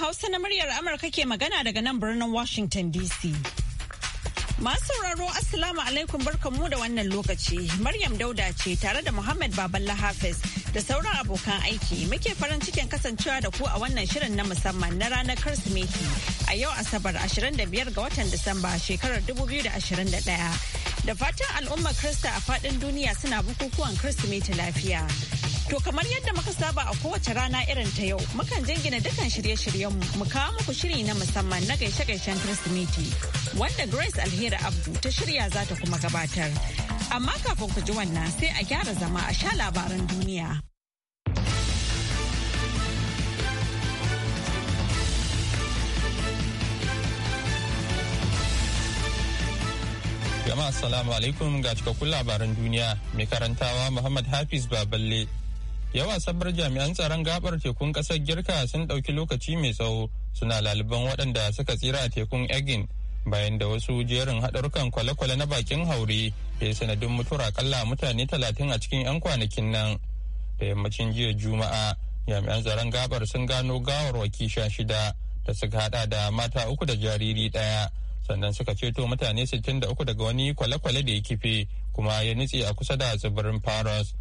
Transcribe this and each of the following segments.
Hausa na muryar Amurka ke magana daga nan birnin Washington DC. Masu sauraro Assalamu alaikum barkanmu da wannan lokaci. Maryam Dauda ce tare da Muhammad Baballa Hafiz da sauran abokan aiki muke farin cikin kasancewa da ku a wannan shirin na musamman na ranar Kirsimeti a yau Asabar 25 ga watan Disamba shekarar 2021. Da fatan al'ummar krista a faɗin duniya suna bukukuwan Kirsimeti lafiya. To kamar yadda muka saba a kowace rana irin ta yau, mukan jingina dukkan shirye-shiryen mu kawo muku shiri na musamman na gaishe-gaishen Kirsimeti, wanda Grace Alheri Abdu ta shirya za ta kuma gabatar. Amma kafin ku ji wannan sai a gyara zama a sha labaran duniya. Jama'a salamu alaikum ga cikakkun labaran duniya mai karantawa Muhammad Hafiz Baballe yawa sabbar jami'an tsaron gabar tekun kasar girka sun ɗauki lokaci mai tsawo suna laliban waɗanda suka tsira a tekun egin bayan da wasu jerin haɗarukan kwale-kwale na bakin haure ya yi sanadin mutuwar akalla mutane talatin a cikin 'yan kwanakin nan da yammacin jiya juma'a jami'an tsaron gabar sun gano gawarwaki sha shida da suka hada da mata uku da jariri ɗaya sannan suka ceto mutane sittin da uku daga wani kwale-kwale da ya kife kuma ya nutse a kusa da tsibirin paros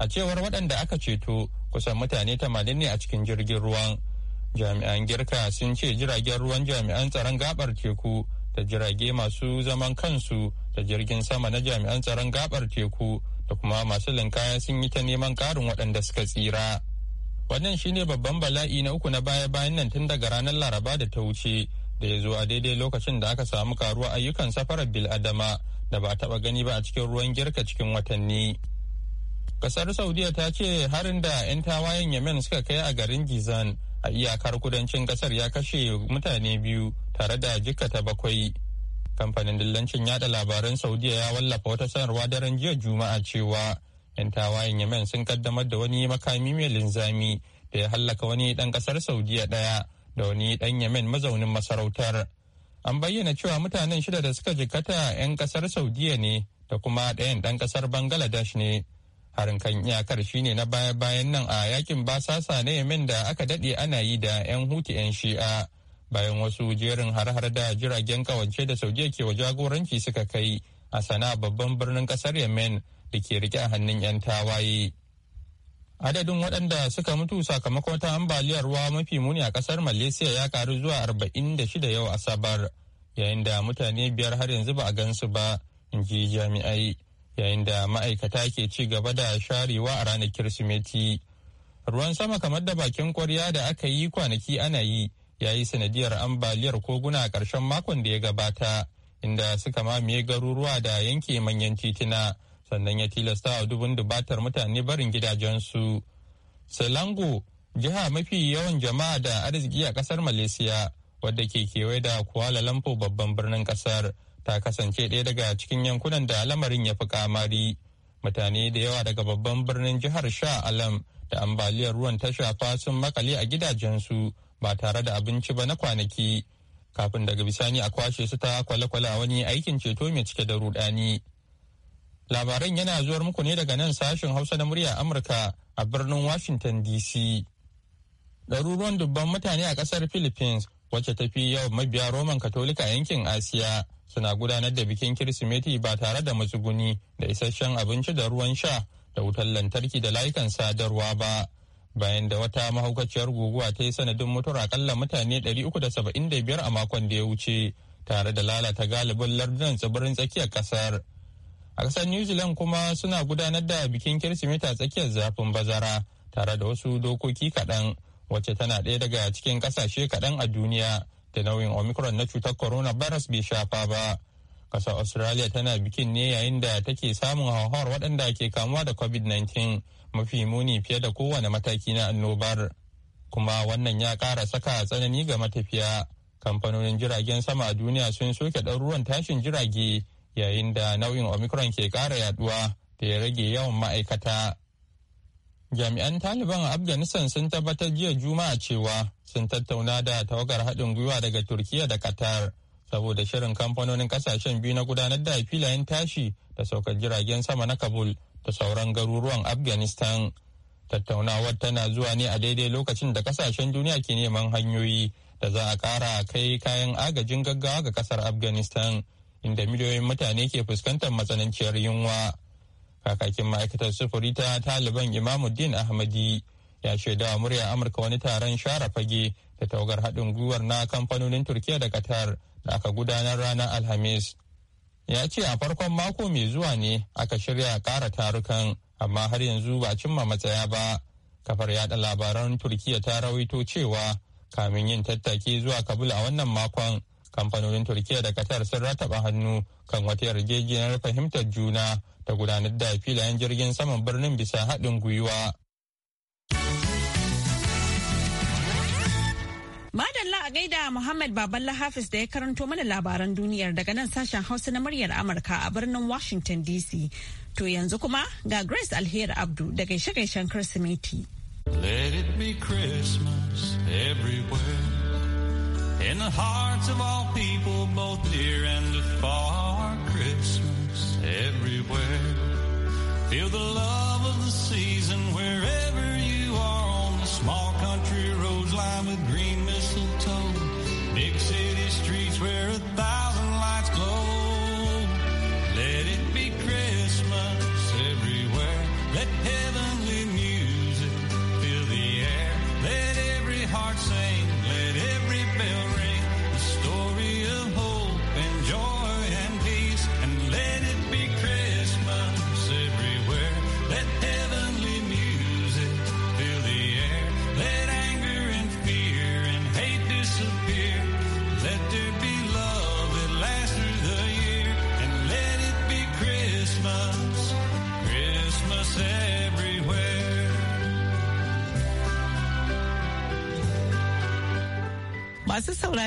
a cewar waɗanda aka ceto kusan mutane tamanin ne a cikin jirgin ruwan jami'an girka sun ce jiragen ruwan jami'an tsaron gabar teku da jirage masu zaman kansu da jirgin sama na jami'an tsaron gabar teku da kuma masu linkaya sun yi ta neman karin waɗanda suka tsira wannan shine babban bala'i na uku na baya-bayan nan tun daga ranar laraba da ta wuce da ya zo a daidai lokacin da aka samu karuwa ayyukan safarar bil'adama da ba a taɓa gani ba a cikin ruwan girka cikin watanni Kasar Saudiya ta ce harin da 'yan tawayen yamen suka kai a garin Gizan a iyakar kudancin kasar ya kashe mutane biyu tare da jikata bakwai. Kamfanin dillancin yada labaran Saudiya ya wallafa wata sanarwa daren jiya Juma'a cewa 'yan tawayen yamen sun kaddamar da wani makami mai linzami da ya hallaka wani ɗan ƙasar Saudiya ɗaya da wani ɗan yamen mazaunin masarautar. An bayyana cewa mutanen shida da suka jikata 'yan ƙasar Saudiya ne da kuma ɗayan ɗan ƙasar Bangladesh ne. harin kan iyakar shine na baya-bayan nan a yakin basasa na yemen da aka dade ana yi da 'yan hutu 'yan shi'a bayan wasu jerin har-har da jiragen kawance da sauje ke wa jagoranci suka kai a sana'a babban birnin kasar yemen da ke rike a hannun 'yan tawaye adadin waɗanda suka mutu sakamakon ta ambaliyar ruwa mafi muni a kasar malaysia ya karu zuwa arba'in da 46 yau asabar yayin da mutane biyar har yanzu ba a gansu ba in ji jami'ai yayin da ma'aikata ke ci gaba da sharewa a ranar kirsimeti ruwan sama kamar da bakin kwarya da aka yi kwanaki ana yi ya yi sanadiyar ambaliyar koguna a ƙarshen makon da ya gabata inda suka mamaye garuruwa da yanke manyan titina sannan ya tilasta a dubun dubatar mutane barin gidajensu selango jiha mafi yawan jama'a da arziki a ƙasar malaysia wadda ke kewaye da kuala lumpur babban birnin ƙasar ta kasance ɗaya daga cikin yankunan da lamarin ya fi kamari mutane da yawa daga babban birnin jihar sha alam da ambaliyar ruwan ta shafa sun makale a gidajensu ba tare da abinci ba na kwanaki kafin daga bisani a kwashe su ta kwale-kwale a wani aikin ceto mai cike da rudani labaran yana zuwar muku ne daga nan sashen hausa na murya amurka a birnin washington dc ɗaruruwan dubban mutane a ƙasar philippines wacce ta fi yawan mabiya roman katolika yankin asiya suna gudanar da bikin kirsimeti ba tare da matsuguni da isasshen abinci da ruwan sha da wutar lantarki da layukan sadarwa ba bayan da wata mahaukaciyar guguwa ta yi sanadin mutuwar akalla mutane 375 a makon da ya wuce tare da lalata galibin lardunan tsibirin tsakiyar kasar a kasar new zealand kuma suna gudanar da bikin kirsimeti a tsakiyar zafin bazara tare da wasu dokoki kaɗan wacce tana ɗaya daga cikin ƙasashe kaɗan a duniya da nauyin omicron na cutar corona coronavirus bai shafa ba ƙasar australia tana bikin ne yayin da take samun hauhawar waɗanda ke kamuwa da covid-19 mafi muni fiye da kowane mataki na annobar kuma wannan ya ƙara saka tsanani ga matafiya kamfanonin jiragen sama a duniya sun soke ɗaruruwan tashin jirage yayin da nau'in omicron ke ƙara yaduwa da ya rage yawan ma'aikata jami'an taliban a afghanistan sun tabbatar jiya juma'a cewa sun tattauna da tawagar haɗin gwiwa daga turkiya da qatar saboda shirin kamfanonin kasashen biyu na gudanar da filayen tashi da saukar jiragen sama na kabul da sauran garuruwan afghanistan tattaunawar tana zuwa ne a daidai lokacin da kasashen duniya ke neman hanyoyi da za a kara kai kayan agajin gaggawa ga kasar afghanistan inda miliyoyin mutane ke fuskantar matsananciyar yunwa. kakakin ma'aikatar sufuri ta taliban imamuddin ahmadi ya shaidawa murya amurka wani taron share fage da taugar haɗin gwiwar na kamfanonin turkiya da qatar da aka gudanar ranar alhamis ya ce a farkon mako mai zuwa ne aka shirya ƙara tarukan amma har yanzu ba cimma matsaya ba kafar yada labaran turkiya ta rawaito cewa kamin yin tattaki zuwa kabul a wannan makon kamfanonin turkiya da qatar sun rataba hannu kan wata yarjejeniyar fahimtar juna ta gudanar da filayen jirgin saman birnin bisa haɗin gwiwa Madalla a gaida Muhammad Baballa Hafiz da ya karanto mana labaran duniyar daga nan sashen Hausa na muryar Amurka a birnin Washington DC. To yanzu kuma ga Grace Alheri Abdu da gaishe-gaishen Kirsimeti. Let it be in the hearts of all people, both near and afar. Christmas everywhere. Feel the love of the season.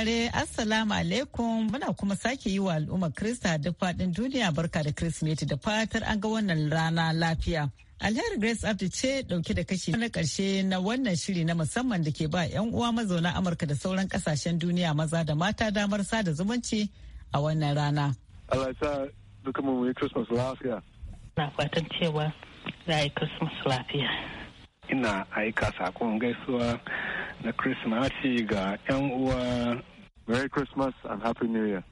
saurare Assalamu alaikum muna kuma sake yi wa al'ummar Krista duk faɗin duniya barka da Kirsimeti da fatar an ga wannan rana lafiya. Alheri Grace Abdi ce dauke da kashi na karshe na wannan shiri na musamman da ke ba 'yan uwa mazauna Amurka da sauran kasashen duniya maza da mata damar sada zumunci a wannan rana. Allah mu yi lafiya. Na fatan cewa za a yi Christmas lafiya. Ina aika sakon gaisuwa na Christmas ga 'yan uwa Merry Christmas and Happy New Year.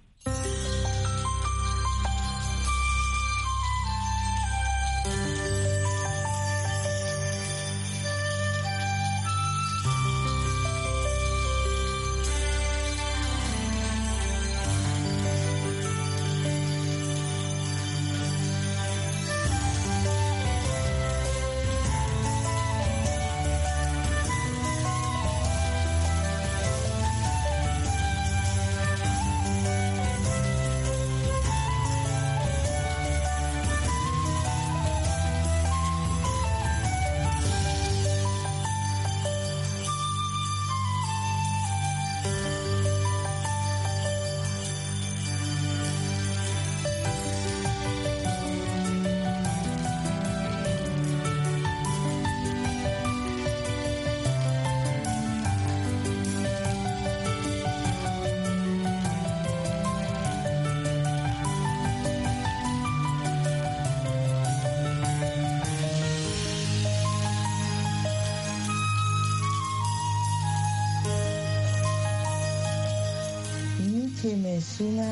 ce mai suna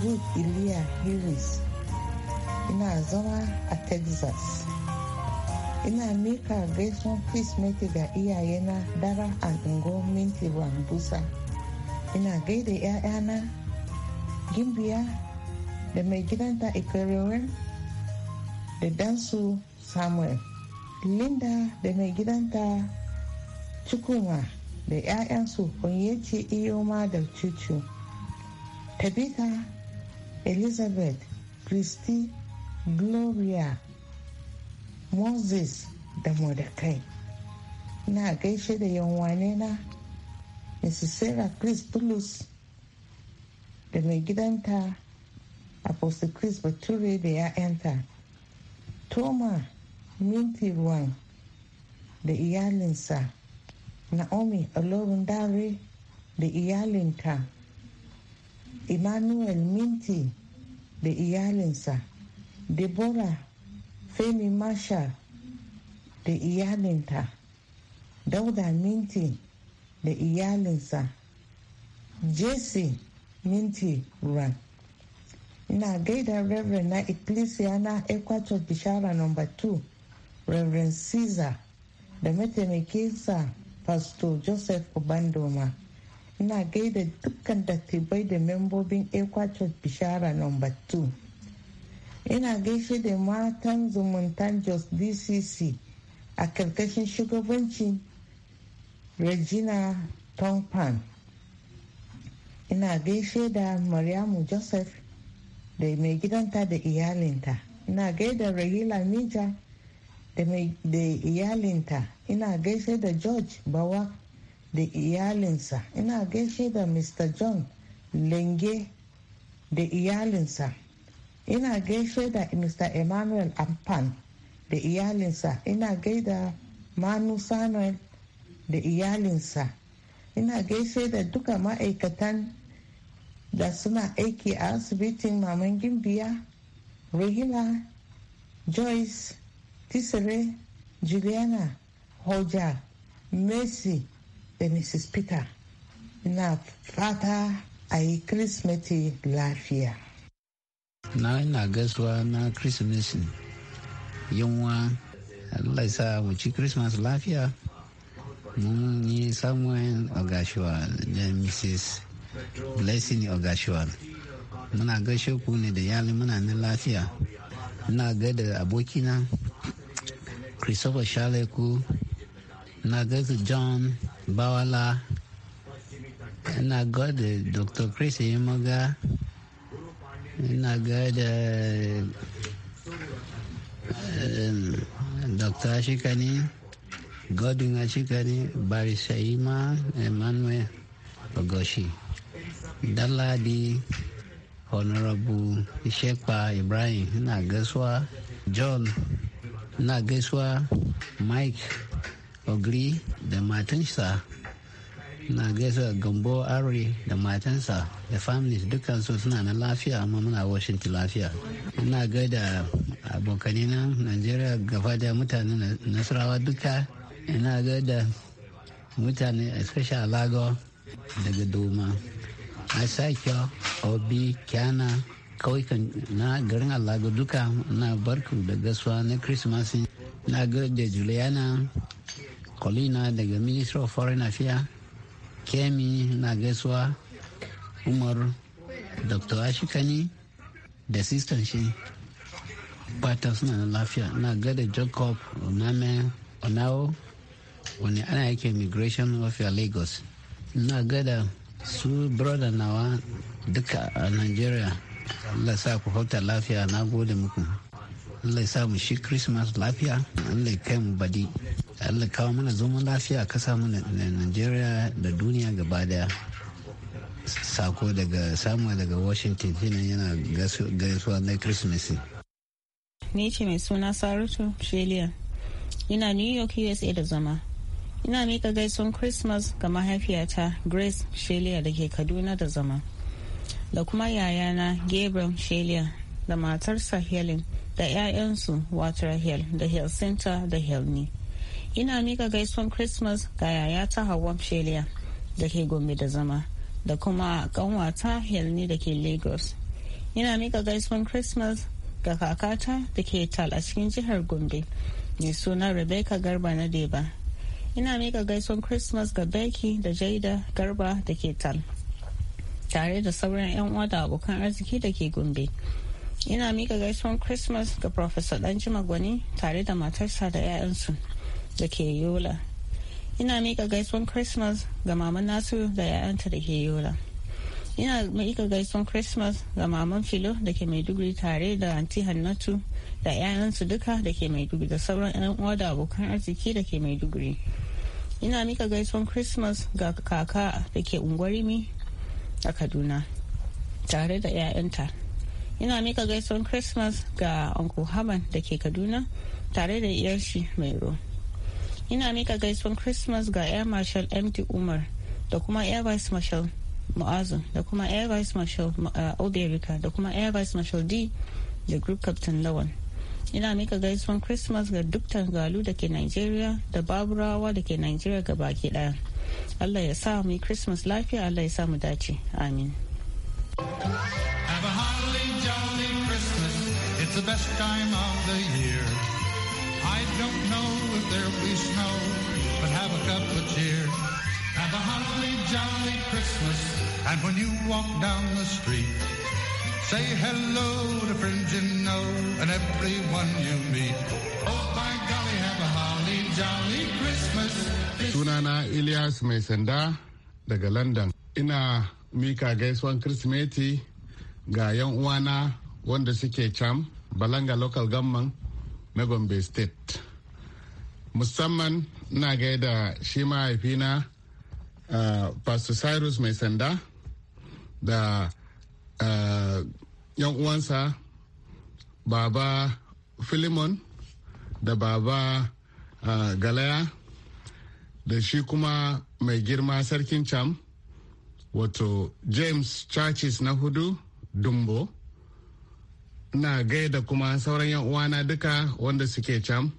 good ilia harris ina zama a texas ina mika gaison peacemaker ga iyayena dara a ungo minti wambusa ina gaida 'ya'yana gimbiya da mai gidanta ikerewar da dansu samuel linda da mai gidanta chukwuma da 'ya'yansu iyo ma da cucu Tabitha, Elizabeth, Christy, Gloria, Moses da Mordecai. Na gaishe da yanwane na Mrs. Sarah Chris Bulus da mai gidanta Apostle Chris Bature da 'ya'yanta. Toma Minti Ruwan da iyalinsa. naomi olorundare da iyalinta emmanuel minti da iyalinsa deborah femi marshall da iyalinta dauda minti da iyalinsa jesse minti ruwan ina gaida reverend na ecclesia na equator bishara no 2 reverend caesar da mataimakinsa pastor joseph ubandoma ina gaida dukkan dattibai da membobin ekwa church bishara no 2 ina gaishe da matan zumuntan jos dcc a karkashin shugabanci regina tompan ina gaishe da mariamu joseph da mai gidanta da iyalinta ina gaida rahila mija da iyalinta ina gaishe da george bawa da iyalinsa ina gaishe da mr john lenge da iyalinsa ina gaishe da mr emmanuel ampan da iyalinsa ina gaida manu samuel da iyalinsa ina gaishe da duka ma'aikatan da suna aiki a asibitin maman gimbiya rahila joyce tisere Juliana, Hoja, Mercy da Mrs. Peter. Na fata a yi Kirsimeti lafiya. Na ina gaisuwa na Kirsimeti yunwa Allah sa mu ci Christmas lafiya. Mun yi Samuel Ogashiwa da Mrs. Blessing Ogashiwa. Muna gaishe ku ne da yali muna nan lafiya. Ina da abokina christopher shaleku na gaisu john bawala ina gaida dr chris maga ina gaida dr ashikani godwin ashikani barisa ima emmanuel ogoshi daladi honorable shepa ibrahim ina gaisuwa john na gaisuwa mike ogri da matansa na gaisuwa gambo arri da matansa da families dukansu suna na lafiya amma muna washington lafiya ina gaida abokanai na nigeria gaba da mutane nasarawa duka ina gaida mutane especially lago daga doma asakio obi kyana kauyukan na garin allaga duka na barku da gaswa na christmas na da juliana colina daga minister of foreign affairs kemi na gaisuwa umar dr ashikani da sistan shi bata suna na lafiya na gada jacob oname onawo wani ana yake migration of lagos na da su brother nawa duka a nigeria Allah sa ku huta lafiya na gode muku Allah sa mu shi Christmas lafiya Allah kai mu badi Allah kawo mana zaman lafiya kasa samu Nigeria da duniya gaba daya sako daga samu daga Washington yana gaisuwa na Christmas ni ce mai suna Sarutu Shelia ina New York USA da zama ina mika gaisuwan Christmas ga mahaifiyata Grace Shelia da ke Kaduna da zama da kuma yayana gabriel shelia da matarsa helen da 'ya'yansu water hill da helsinta da helni ina miƙa gaisuwan christmas ga yayata hawa shelia da ke gombe da zama da kuma kanwata helni da ke lagos ina miƙa gaisuwan christmas ga kakata da ke tal a cikin jihar gombe mai suna rebecca garba na deba ina miƙa gaisuwan christmas ga becky da jaida garba da ke tal tare da sauran 'yan uwa da abokan arziki da ke gombe ina mika gaisuwan christmas ga professor danjima gwani tare da matarsa da 'ya'yansu da ke yola ina mika gaisuwan christmas ga maman nasu da 'ya'yanta da ke yola ina mika gaisuwan christmas ga maman filo da ke maiduguri tare da anti hannatu da 'ya'yansu duka da ke maiduguri da sauran 'yan uwa da abokan arziki da ke maiduguri ina mika gaisuwan christmas ga kaka da ke ungwarimi a kaduna tare da 'ya'yanta ina mika gaisuwar christmas ga uncle haman da ke kaduna tare da iyarshi mairo ina mika gaisuwar christmas ga air marshal md umar da kuma air vice marshal mu'azu da kuma air vice marshal oberika uh, da kuma air vice marshal d da group captain lawan ina mika gaisuwan christmas ga duk galu da ke nigeria da baburawa da ke nigeria ga baki ɗaya. allah ya sa mu christmas lafiya allah ya sa mu dace amin Have a holly jolly Christmas, it's the best time of the year. I don't know if there'll be snow, but have a cup of cheer. Have a holly jolly Christmas, and when you walk down the street, say hello to friends you know and everyone you meet. Oh, by golly, have a holly Sunana Ilyas Mai Sanda daga London. Ina mika gaisuwan Kirsimeti ga 'yan uwana wanda suke cam Balanga Local gamman na Gombe State. Musamman ina gaida shi mahaifina uh, Pastor Cyrus Mai Sanda da uh, 'yan uwansa Baba Philemon da Baba galaya da shi kuma mai girma sarkin cham wato james churches na hudu dumbo na gaida kuma sauran yan uwana duka wanda suke cham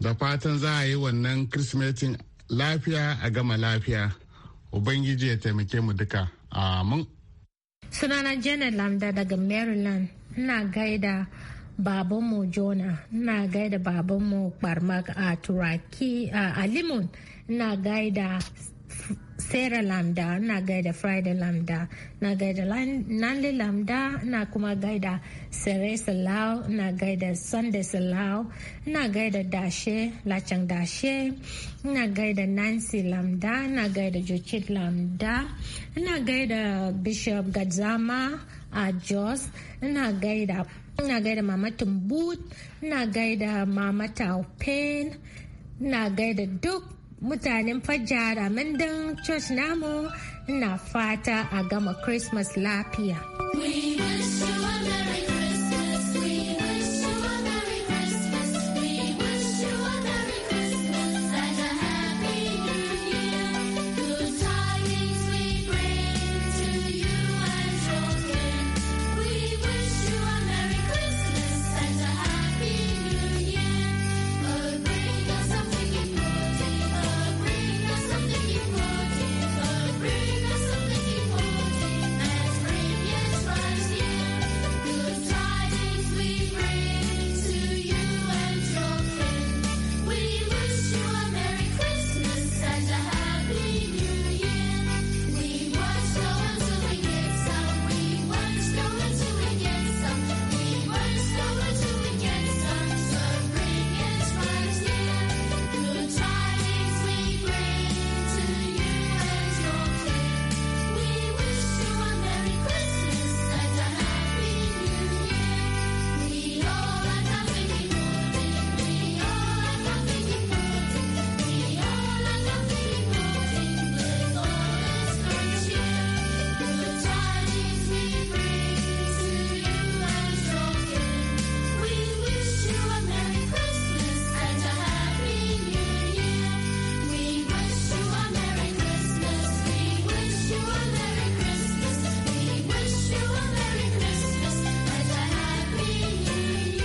da fatan za a yi wannan kirsimetin lafiya a gama lafiya ubangiji ya taimake mu duka amin sunana janet lamda daga maryland na gaida babanmu jona na gaida babanmu barmak a turaki a limon na gaida sera lambda na gaida friday lambda na gaida nanli lambda na kuma gaida sere salau na gaida sunday salau na gaida dashe lachan dashe na gaida nancy lambda na gaida jochit lambda na gaida bishop gadzama a jos na gaida ina gaida mama tumbut ina gaida mama taupen ina gaida duk mutanen fajar a mandan church namu ina fata a gama christmas lafiya.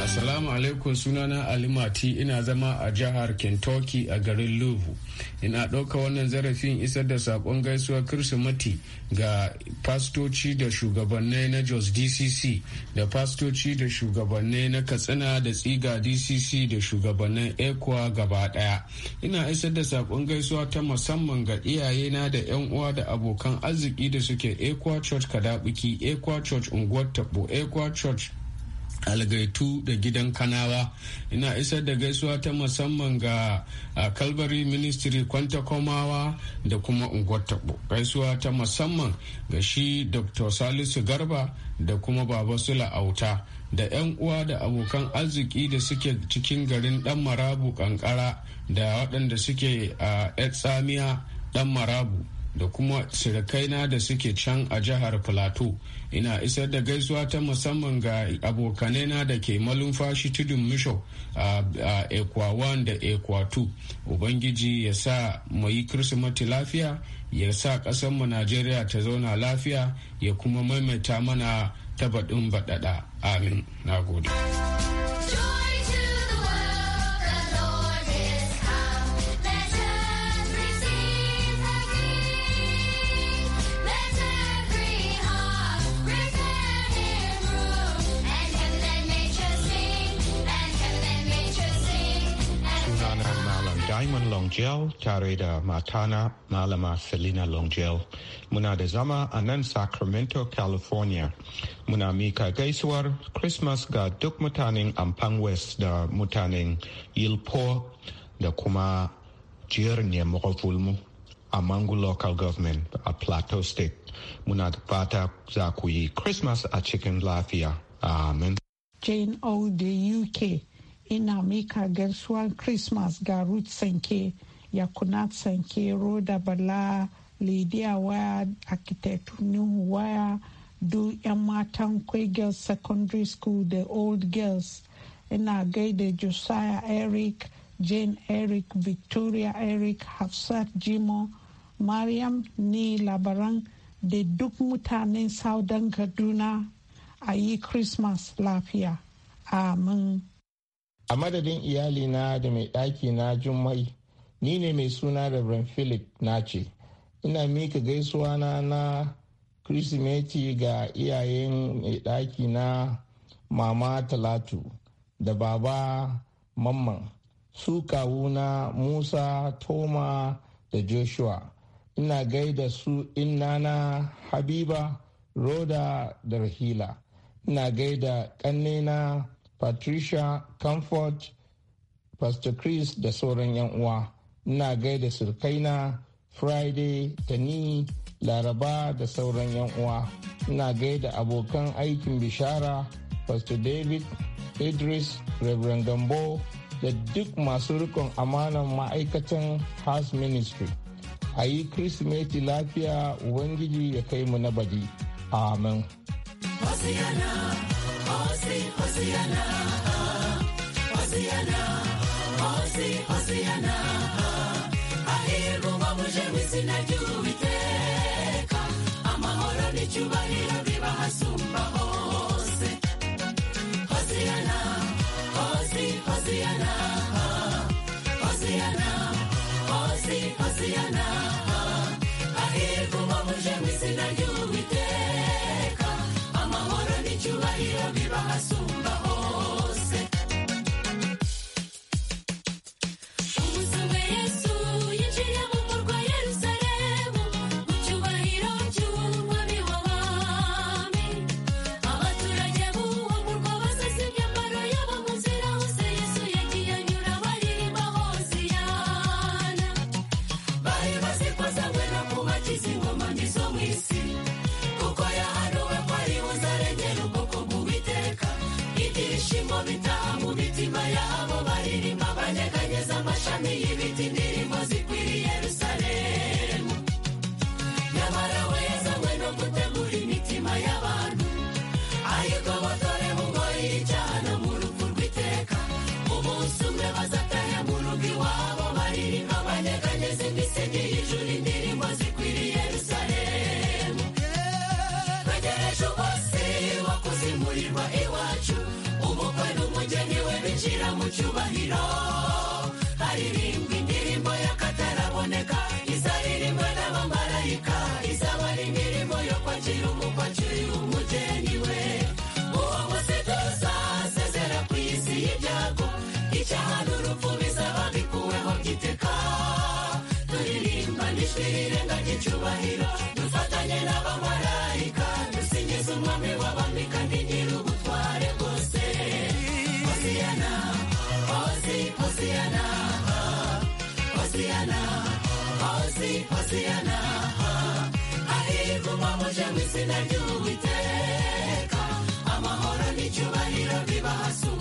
Assalamu alaikum sunana Alimati ina zama a jihar Kentucky a garin Louvu. Ina ɗauka wannan zarafin isar da saƙon gaisuwar kirsimati ga fastoci da shugabannai na Jos DCC da fastoci da shugabannai na Katsina da Tsiga DCC da shugabannin ECWA gaba ɗaya. Ina isar da saƙon gaisuwa ta musamman ga iyayena da 'yan uwa da abokan arziki da suke ECWA Church Kadabiki, ECWA Church Unguwar Tabo, ECWA Church algaitu da gidan kanawa ina isar da gaisuwa ta musamman ga kalbari ministry kwanta komawa da kuma ungwataɓo gaisuwa ta musamman ga shi dr salisu garba da kuma baba sula auta da 'yan uwa da abokan arziki da suke cikin garin dan marabu kankara da waɗanda suke a tsamiya dan marabu da kuma sirikaina da suke can a jihar plateau ina isar da gaisuwa ta musamman ga abokanaina da ke malumfashi tudun misho a ekwa 1 da ekwa 2 ubangiji ya sa mu yi kirsimati lafiya ya sa kasanmu najeriya ta zauna lafiya ya kuma maimaita mana ta baɗin baɗaɗa amin na gode Longjel tare da matana Malama Selina Longjel. Muna da zama a nan Sacramento, California. Muna mika gaisuwar Christmas ga duk mutanen Ampan West da mutanen Yilpo da kuma Jirne Mokofulmu a Mangu Local Government a Plateau State. Muna da fata za ku yi Christmas a cikin lafiya. Amen. Jane O. UK ina mika gaisuwar christmas ga ruth sanke ya kuna sanke roda bala lidiya waya architect nuhu waya duk 'yan matan kwai girls secondary school da old girls ina gaida josiah eric jane eric victoria eric hafsat jimo mariam ni labaran da duk mutanen saudan kaduna a yi christmas lafiya amin a madadin iyalina da mai ɗaki na jummai ni ne mai suna da philip ce, ina mika gaisuwa na na kirsimeti ga iyayen mai ɗaki na mama talatu da baba mamman su kawuna musa toma da joshua ina gaida su na habiba roda da rahila ina gaida ƙannena patricia comfort pastor chris da sauran 'yan uwa ina gaida surkaina friday tani laraba da sauran 'yan uwa ina gaida abokan aikin bishara pastor david idris reverend gambo da duk masu rikon amanan ma'aikatan house ministry a yi kirsimeti lafiya ubangiji ya kai mu na baji amen. Hosiana, Hosiana, Hosiana, Hosiana, Hosiana, mu cyubahiro haririmbwa indirimbo y'akataraboneka izaririmbwa n'abamarayika izaba ari indirimbo yo kwakira umupakiri umugeni we uwo munsi tuzasezera ku isi y'ibyago icyaha n'urupfu bizaba bikuweho giteka turirimba n'ijwi rirenga ry'icyubahiro Hasi, hasi ana ha. hozi hoziyanaha hahirwa umwamuje mu ni ry'uwiteka amahoro n'icyubahiro bibahasura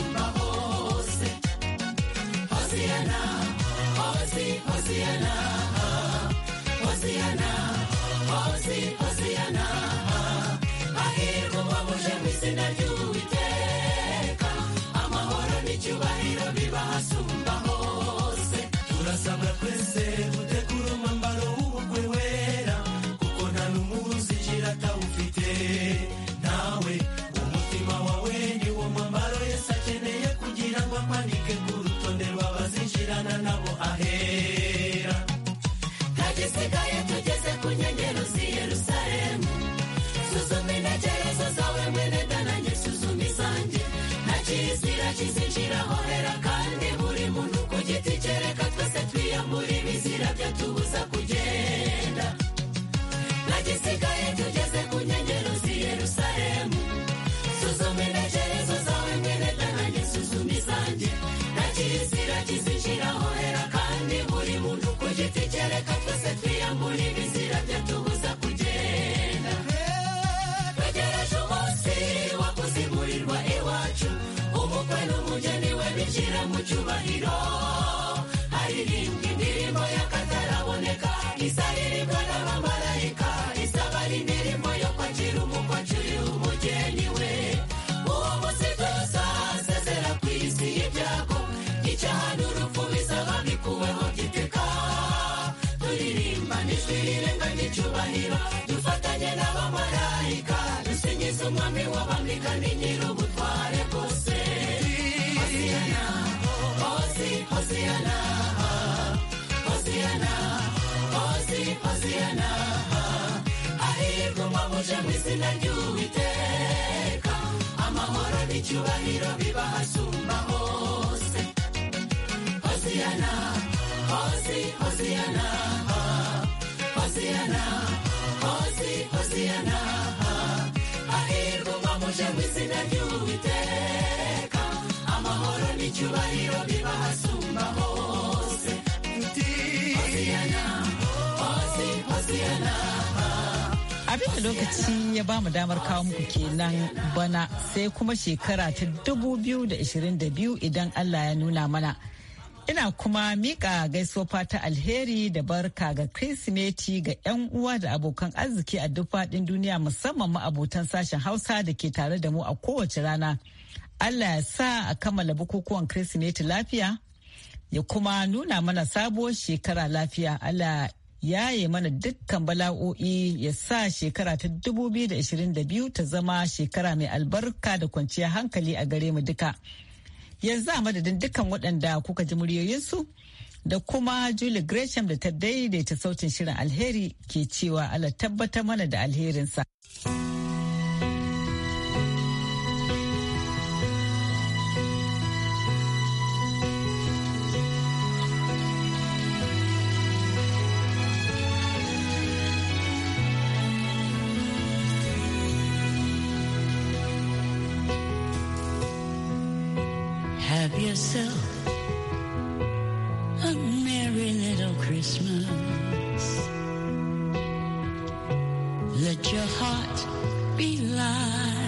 kandi nyiri ubutware bwose hosi icyubahiro hose abin da lokaci ya ba mu damar kawo muku kenan bana sai kuma shekara ta 2022 idan Allah ya nuna mana. Ina kuma mika gaisuwa fata alheri da barka ga Kirsimeti ga 'yan uwa da abokan arziki a duk faɗin duniya musamman ma abotan sashen Hausa da ke tare da mu a kowace rana. Allah ya sa a kammala bukukuwan Kirsimeti lafiya ya kuma nuna mana sabuwar shekara lafiya Allah ya yi mana dukkan bala'o'i ya sa shekara ta 2022 ta zama shekara mai albarka da kwanciyar hankali a gare mu duka. Yanzu a madadin dukkan waɗanda kuka ji muryoyinsu da kuma Julie Gresham da ta daidaita sautin shirin alheri ke cewa Allah tabbatar mana da alherinsa. myself a merry little Christmas. Let your heart be light.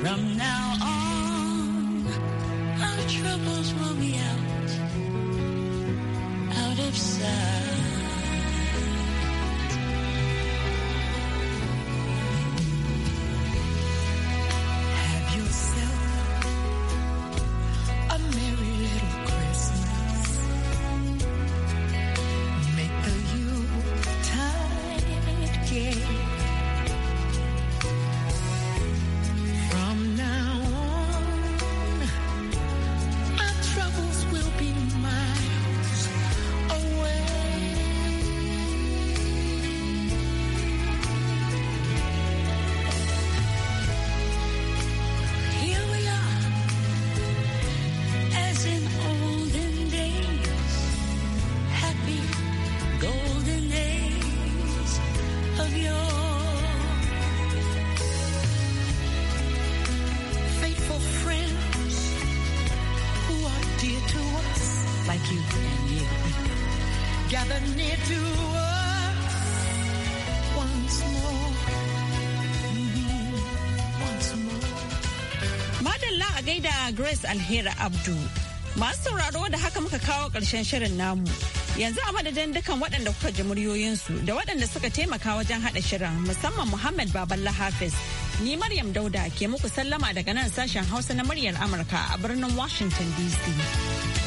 From now on, our troubles will be out, out of sight. Grace Alheri Abdu. Masu sauraro da haka muka kawo ƙarshen shirin namu. Yanzu a madadin dukan waɗanda kuka ji muryoyinsu da waɗanda suka taimaka wajen haɗa shirin musamman Muhammad Baballa Hafiz. Ni Maryam Dauda ke muku sallama daga nan sashen Hausa na muryar Amurka a birnin Washington DC.